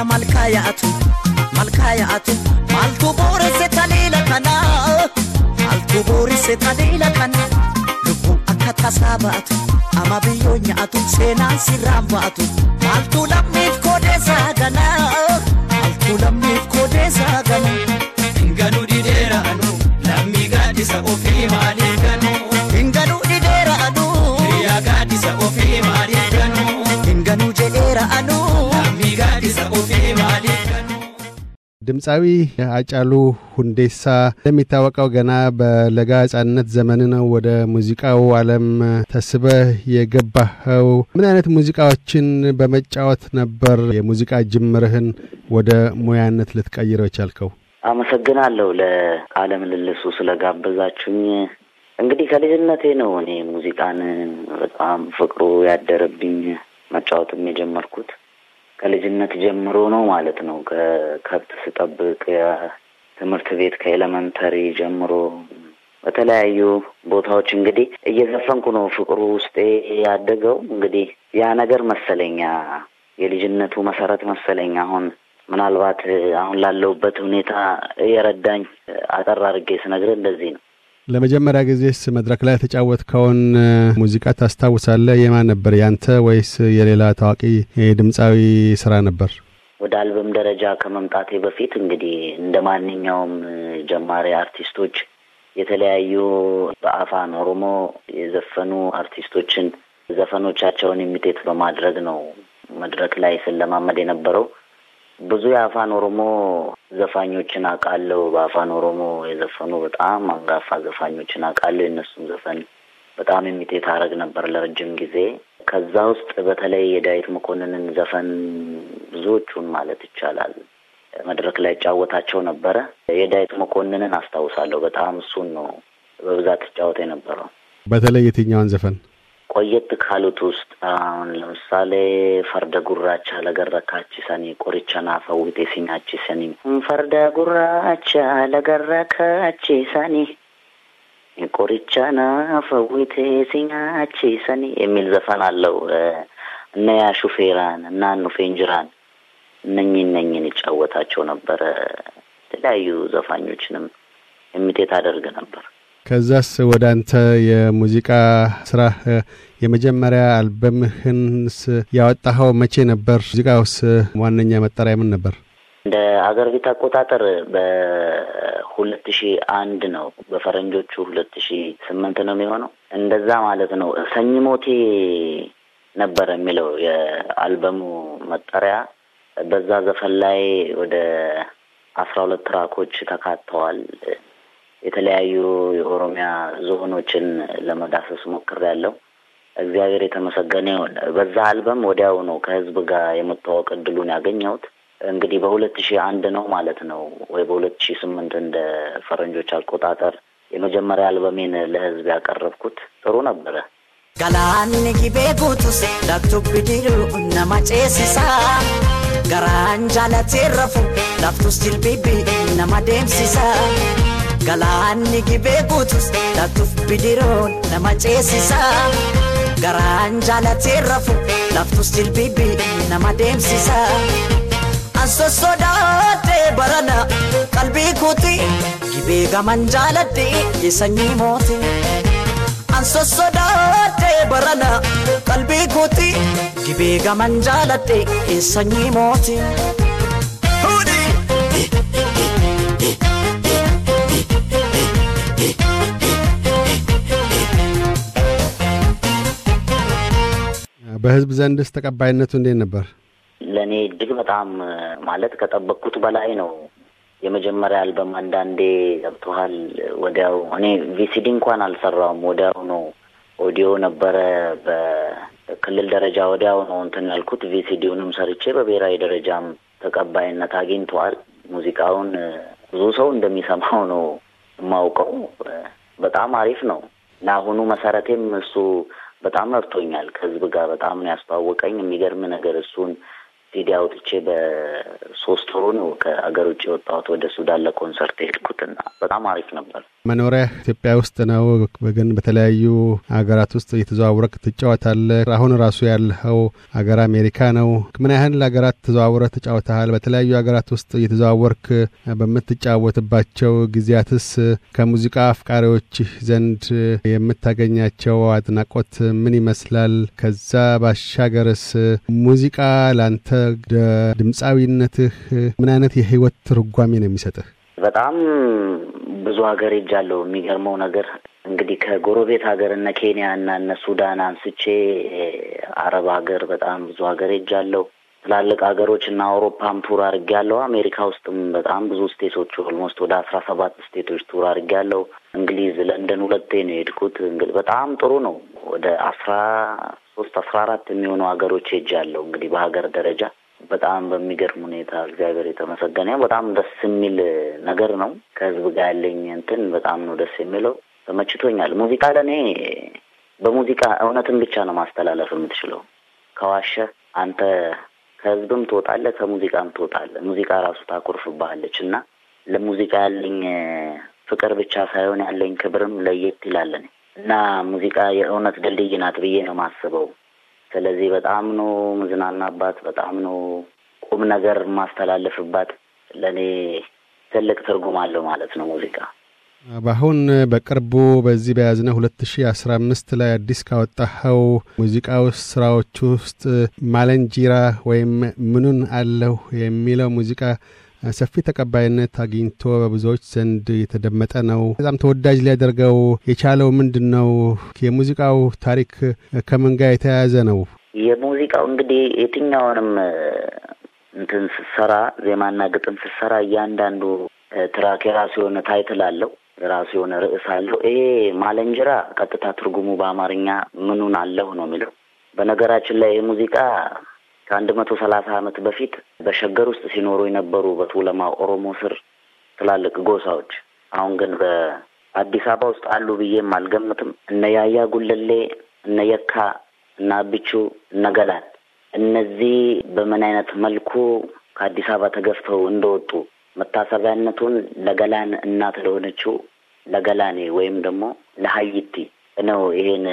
Malkaa malkaa yaa'atu malkaa yaa'atu maaltu booresse taliila kana maaltu booresse taliila kana lubbuun akka tasaa ba'atu amma biyyoo seenaan sirraan ba'atu maaltu lammiif ganaa ድምፃዊ አጫሉ ሁንዴሳ እንደሚታወቀው ገና በለጋ ህጻንነት ዘመን ነው ወደ ሙዚቃው አለም ተስበህ የገባኸው። ምን አይነት ሙዚቃዎችን በመጫወት ነበር የሙዚቃ ጅምርህን ወደ ሙያነት ልትቀይረው የቻልከው? አመሰግናለሁ ለቃለ ምልልሱ ስለጋበዛችሁኝ። እንግዲህ ከልጅነቴ ነው እኔ ሙዚቃን በጣም ፍቅሩ ያደረብኝ መጫወትም የጀመርኩት ከልጅነት ጀምሮ ነው ማለት ነው። ከከብት ስጠብቅ ትምህርት ቤት ከኤለመንተሪ ጀምሮ በተለያዩ ቦታዎች እንግዲህ እየዘፈንኩ ነው ፍቅሩ ውስጤ ያደገው። እንግዲህ ያ ነገር መሰለኛ የልጅነቱ መሰረት መሰለኛ አሁን ምናልባት አሁን ላለሁበት ሁኔታ የረዳኝ አጠር አድርጌ ስነግር እንደዚህ ነው። ለመጀመሪያ ጊዜስ መድረክ ላይ የተጫወትከውን ሙዚቃ ታስታውሳለህ? የማን ነበር? ያንተ ወይስ የሌላ ታዋቂ ድምፃዊ ስራ ነበር? ወደ አልበም ደረጃ ከመምጣቴ በፊት እንግዲህ እንደ ማንኛውም ጀማሪ አርቲስቶች የተለያዩ በአፋን ኦሮሞ የዘፈኑ አርቲስቶችን ዘፈኖቻቸውን ኢሚቴት በማድረግ ነው መድረክ ላይ ስለማመድ የነበረው። ብዙ የአፋን ኦሮሞ ዘፋኞችን አውቃለሁ። በአፋን ኦሮሞ የዘፈኑ በጣም አንጋፋ ዘፋኞችን አውቃለሁ። የእነሱም ዘፈን በጣም የሚጤት አረግ ነበር ለረጅም ጊዜ። ከዛ ውስጥ በተለይ የዳዊት መኮንንን ዘፈን ብዙዎቹን ማለት ይቻላል መድረክ ላይ እጫወታቸው ነበረ። የዳዊት መኮንንን አስታውሳለሁ በጣም እሱን ነው በብዛት እጫወት የነበረው። በተለይ የትኛውን ዘፈን ቆየት ካሉት ውስጥ አሁን ለምሳሌ ፈርደ ጉራቻ ለገረካችሰኒ ቆሪቸና ሲኛች ሰኒ ፈርደ ጉራቻ ለገረካችሰኒ ቆሪቸና ሲኛች ሰኒ የሚል ዘፈን አለው። እነ ያ ሹፌራን እና ኑፌንጅራን እነኝ እነኝን ይጫወታቸው ነበረ። የተለያዩ ዘፋኞችንም የሚቴት አደርግ ነበር። ከዛስ ወደ አንተ የሙዚቃ ስራ የመጀመሪያ አልበምህንስ ያወጣኸው መቼ ነበር? ሙዚቃውስ ዋነኛ መጠሪያ ምን ነበር? እንደ አገር ቤት አቆጣጠር በሁለት ሺ አንድ ነው። በፈረንጆቹ ሁለት ሺ ስምንት ነው የሚሆነው። እንደዛ ማለት ነው። ሰኝሞቴ ነበር የሚለው የአልበሙ መጠሪያ። በዛ ዘፈን ላይ ወደ አስራ ሁለት ትራኮች ተካተዋል። የተለያዩ የኦሮሚያ ዞኖችን ለመዳሰስ ሞክር ያለው እግዚአብሔር የተመሰገነ ይሁን። በዛ አልበም ወዲያው ነው ከህዝብ ጋር የመተዋወቅ እድሉን ያገኘሁት። እንግዲህ በሁለት ሺህ አንድ ነው ማለት ነው ወይ በሁለት ሺህ ስምንት እንደ ፈረንጆች አቆጣጠር የመጀመሪያ አልበሜን ለህዝብ ያቀረብኩት ጥሩ ነበረ። ገላን ጊቤ ጉቱስ እነማ እነማ ደምሲሳ galaanni gibee buutus laatuuf bidiroon nama ceesisa garaan jaalatee rafu laaftus jilbiibii nama deemsisa. Ansoon sodaatee baranaa qalbii kuuti gibee gaman jaaladhe sanyii mootii. qalbii gibee sanyii mootii. በህዝብ ዘንድስ ተቀባይነቱ እንዴት ነበር? ለእኔ እጅግ በጣም ማለት ከጠበቅኩት በላይ ነው። የመጀመሪያ አልበም አንዳንዴ ገብቶሃል፣ ወዲያው እኔ ቪሲዲ እንኳን አልሰራውም። ወዲያው ነው ኦዲዮ ነበረ በክልል ደረጃ ወዲያው ነው እንትን ያልኩት። ቪሲዲውንም ሰርቼ በብሔራዊ ደረጃም ተቀባይነት አግኝቷል። ሙዚቃውን ብዙ ሰው እንደሚሰማው ነው የማውቀው። በጣም አሪፍ ነው። ለአሁኑ መሰረቴም እሱ በጣም ረድቶኛል። ከህዝብ ጋር በጣም ያስተዋወቀኝ። የሚገርም ነገር እሱን ሲዲ አውጥቼ በሶስት ወሩ ነው ከአገር ውጭ የወጣሁት። ወደ ሱዳን ለኮንሰርት የሄድኩትና በጣም አሪፍ ነበር። መኖሪያ ኢትዮጵያ ውስጥ ነው፣ ግን በተለያዩ ሀገራት ውስጥ እየተዘዋውረህ ትጫወታለህ። አሁን ራሱ ያለኸው ሀገር አሜሪካ ነው። ምን ያህል ሀገራት ተዘዋውረህ ተጫወተሃል? በተለያዩ ሀገራት ውስጥ እየተዘዋወርክ በምትጫወትባቸው ጊዜያትስ ከሙዚቃ አፍቃሪዎች ዘንድ የምታገኛቸው አድናቆት ምን ይመስላል? ከዛ ባሻገርስ ሙዚቃ ላንተ ድምፃዊነትህ ምን አይነት የህይወት ትርጓሜ ነው የሚሰጥህ? በጣም ብዙ ሀገር ሄጃለሁ። የሚገርመው ነገር እንግዲህ ከጎረቤት ሀገር እነ ኬንያ እና እነ ሱዳን አንስቼ አረብ ሀገር በጣም ብዙ ሀገር ሄጃለሁ። ትላልቅ ሀገሮች እና አውሮፓም ቱር አድርጌያለሁ። አሜሪካ ውስጥም በጣም ብዙ ስቴቶች ኦልሞስት ወደ አስራ ሰባት ስቴቶች ቱር አድርጌያለሁ። እንግሊዝ ለንደን ሁለቴ ነው የሄድኩት። በጣም ጥሩ ነው። ወደ አስራ ሶስት አስራ አራት የሚሆኑ ሀገሮች ሄጃለሁ። እንግዲህ በሀገር ደረጃ በጣም በሚገርም ሁኔታ እግዚአብሔር የተመሰገነ በጣም ደስ የሚል ነገር ነው። ከህዝብ ጋር ያለኝ እንትን በጣም ነው ደስ የሚለው። ተመችቶኛል። ሙዚቃ ለእኔ በሙዚቃ እውነትን ብቻ ነው ማስተላለፍ የምትችለው። ከዋሸ አንተ ከህዝብም ትወጣለህ፣ ከሙዚቃም ትወጣለህ። ሙዚቃ ራሱ ታኮርፍብሃለች እና ለሙዚቃ ያለኝ ፍቅር ብቻ ሳይሆን ያለኝ ክብርም ለየት ይላለን። እና ሙዚቃ የእውነት ድልድይ ናት ብዬ ነው የማስበው። ስለዚህ በጣም ነው ምዝናናባት፣ በጣም ነው ቁም ነገር ማስተላለፍባት። ለእኔ ትልቅ ትርጉም አለው ማለት ነው ሙዚቃ። በአሁን በቅርቡ በዚህ በያዝነው አምስት ላይ አዲስ ካወጣኸው ሙዚቃ ውስጥ ስራዎች ውስጥ ማለንጂራ ወይም ምኑን አለሁ የሚለው ሙዚቃ ሰፊ ተቀባይነት አግኝቶ በብዙዎች ዘንድ የተደመጠ ነው። በጣም ተወዳጅ ሊያደርገው የቻለው ምንድን ነው? የሙዚቃው ታሪክ ከምን ጋር የተያያዘ ነው? የሙዚቃው እንግዲህ የትኛውንም እንትን ስሰራ፣ ዜማና ግጥም ስሰራ እያንዳንዱ ትራክ የራሱ የሆነ ታይትል አለው፣ የራሱ የሆነ ርዕስ አለው። ይሄ ማለንጅራ ቀጥታ ትርጉሙ በአማርኛ ምኑን አለሁ ነው የሚለው። በነገራችን ላይ ይህ ሙዚቃ ከአንድ መቶ ሰላሳ አመት በፊት በሸገር ውስጥ ሲኖሩ የነበሩ በቱለማ ኦሮሞ ስር ትላልቅ ጎሳዎች አሁን ግን በአዲስ አበባ ውስጥ አሉ ብዬም አልገምትም። እነ ያያ ጉለሌ፣ እነ የካ፣ እነ አብቹ፣ እነ ገላን እነዚህ በምን አይነት መልኩ ከአዲስ አበባ ተገፍተው እንደወጡ መታሰቢያነቱን ለገላን እናት ለሆነችው ለገላኔ ወይም ደግሞ ለሀይቲ ነው ይሄን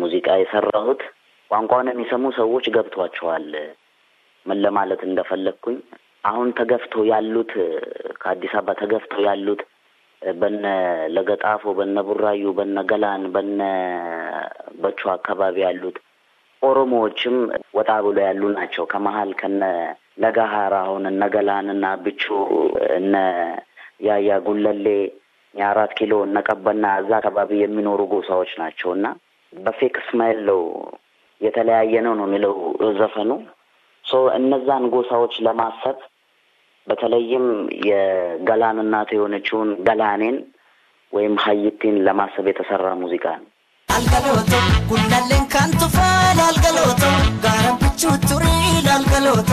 ሙዚቃ የሰራሁት። ቋንቋውን የሚሰሙ ሰዎች ገብቷቸዋል። ምን ለማለት እንደፈለግኩኝ አሁን ተገፍቶ ያሉት ከአዲስ አበባ ተገፍቶ ያሉት በነ ለገጣፎ፣ በነ ቡራዩ፣ በነ ገላን፣ በነ በቹ አካባቢ ያሉት ኦሮሞዎችም ወጣ ብሎ ያሉ ናቸው። ከመሀል ከነ ነጋሃር አሁን እነ ገላን እና ብቹ እነ ያያ ጉለሌ የአራት ኪሎ እነ ቀበና እዛ አካባቢ የሚኖሩ ጎሳዎች ናቸው እና በፌክ ስማይል ነው የተለያየ ነው ነው የሚለው ዘፈኑ። ሶ እነዛን ጎሳዎች ለማሰብ በተለይም የገላን እናት የሆነችውን ገላኔን ወይም ሀይቲን ለማሰብ የተሰራ ሙዚቃ ነው። አልገሎቶ ጉላሌን ካንቱፋል አልገሎቶ ጋረብቹ ቱሪል አልገሎቶ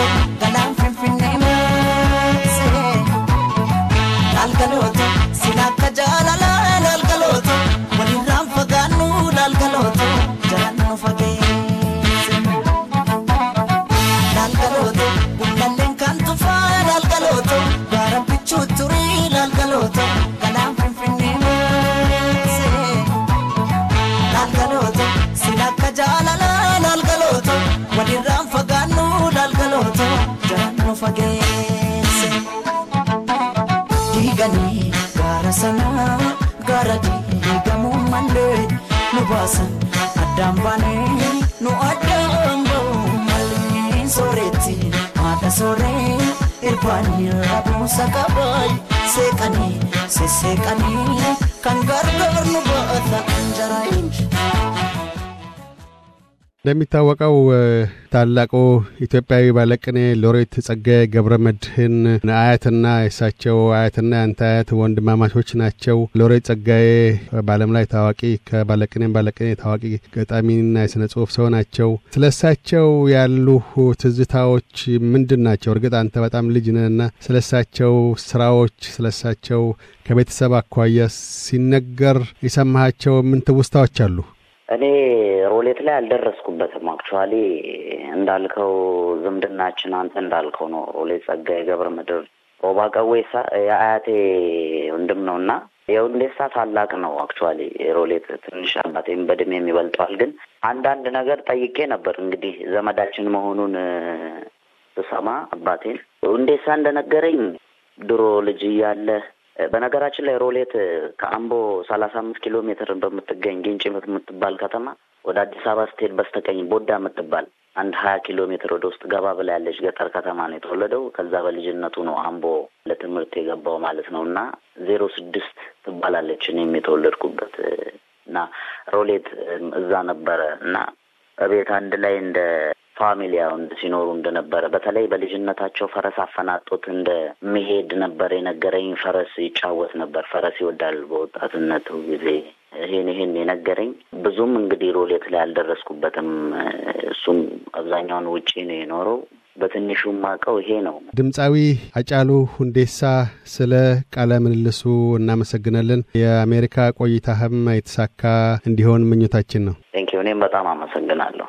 baasanaa gara diigamuu malee nu baasan addaan baanee nu addaan ba'uu malee sooretti haadha sooree irbaanii rabuusa qabay seeqanii seeseeqanii kan gargaar nu baata እንደሚታወቀው ታላቁ ኢትዮጵያዊ ባለቅኔ ሎሬት ጸጋዬ ገብረ መድህን አያትና የሳቸው አያትና ያንተ አያት ወንድማማቾች ናቸው። ሎሬት ጸጋዬ በዓለም ላይ ታዋቂ ከባለቅኔም ባለቅኔ ታዋቂ ገጣሚና የሥነ ጽሑፍ ሰው ናቸው። ስለ እሳቸው ያሉ ትዝታዎች ምንድን ናቸው? እርግጥ አንተ በጣም ልጅ ነህና ስለ እሳቸው ስራዎች፣ ስለ እሳቸው ከቤተሰብ አኳያ ሲነገር የሰማሃቸው ምን ትውስታዎች አሉ? እኔ ሮሌት ላይ አልደረስኩበትም። አክቹዋሊ እንዳልከው ዝምድናችን አንተ እንዳልከው ነው። ሮሌት ጸጋዬ ገብረ ምድር ሮባ ቀዌሳ የአያቴ ወንድም ነው እና የሁንዴሳ ታላቅ ነው። አክቹዋሊ ሮሌት ትንሽ አባቴም በእድሜ የሚበልጠዋል። ግን አንዳንድ ነገር ጠይቄ ነበር እንግዲህ ዘመዳችን መሆኑን ስሰማ አባቴን ሁንዴሳ እንደነገረኝ ድሮ ልጅ እያለ በነገራችን ላይ ሮሌት ከአምቦ ሰላሳ አምስት ኪሎ ሜትር በምትገኝ ግንጭ የምትባል ከተማ ወደ አዲስ አበባ ስትሄድ በስተቀኝ ቦዳ የምትባል አንድ ሀያ ኪሎ ሜትር ወደ ውስጥ ገባ ብላ ያለች ገጠር ከተማ ነው የተወለደው። ከዛ በልጅነቱ ነው አምቦ ለትምህርት የገባው ማለት ነው። እና ዜሮ ስድስት ትባላለች እኔም የተወለድኩበት እና ሮሌት እዛ ነበረ እና እቤት አንድ ላይ እንደ ፋሚሊ ሲኖሩ እንደነበረ በተለይ በልጅነታቸው ፈረስ አፈናጦት እንደ መሄድ ነበር የነገረኝ። ፈረስ ይጫወት ነበር፣ ፈረስ ይወዳል በወጣትነቱ ጊዜ ይህን ይህን የነገረኝ ብዙም እንግዲህ ሮሌት ላይ አልደረስኩበትም። እሱም አብዛኛውን ውጪ ነው የኖረው። በትንሹ ማቀው ይሄ ነው። ድምፃዊ አጫሉ ሁንዴሳ ስለ ቃለ ምልልሱ እናመሰግናለን። የአሜሪካ ቆይታህም የተሳካ እንዲሆን ምኞታችን ነው። ቴንኪው። እኔም በጣም አመሰግናለሁ።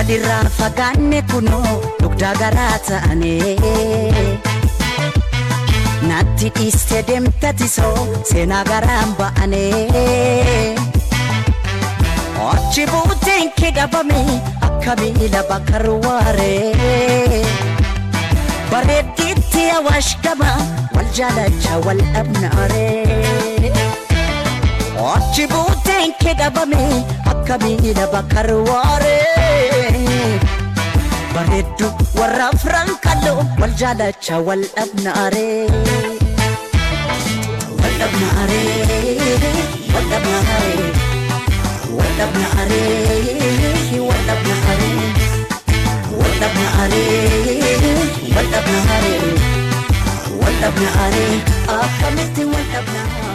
walirraan fagaanne kunu dugdaa garaa ta'ane. Natti dhiiste deemta tisoo seenaa garaan ba'ane. Ochi buuteen kee dhabame akka miila bakka ruwaare. Bareeddiitti awaash gama wal jaalachaa wal dhabnaare. Ochi buuteen kee dhabame akka miila bakka ruwaare. bareeddu warra afran kalloo wal jaalacha wal dhabnaaree wal dhabnaaree wal dhabnaaree wal dhabnaaree wal dhabnaaree wal dhabnaaree wal dhabnaaree wal dhabnaaree akkamitti wal dhabnaaree.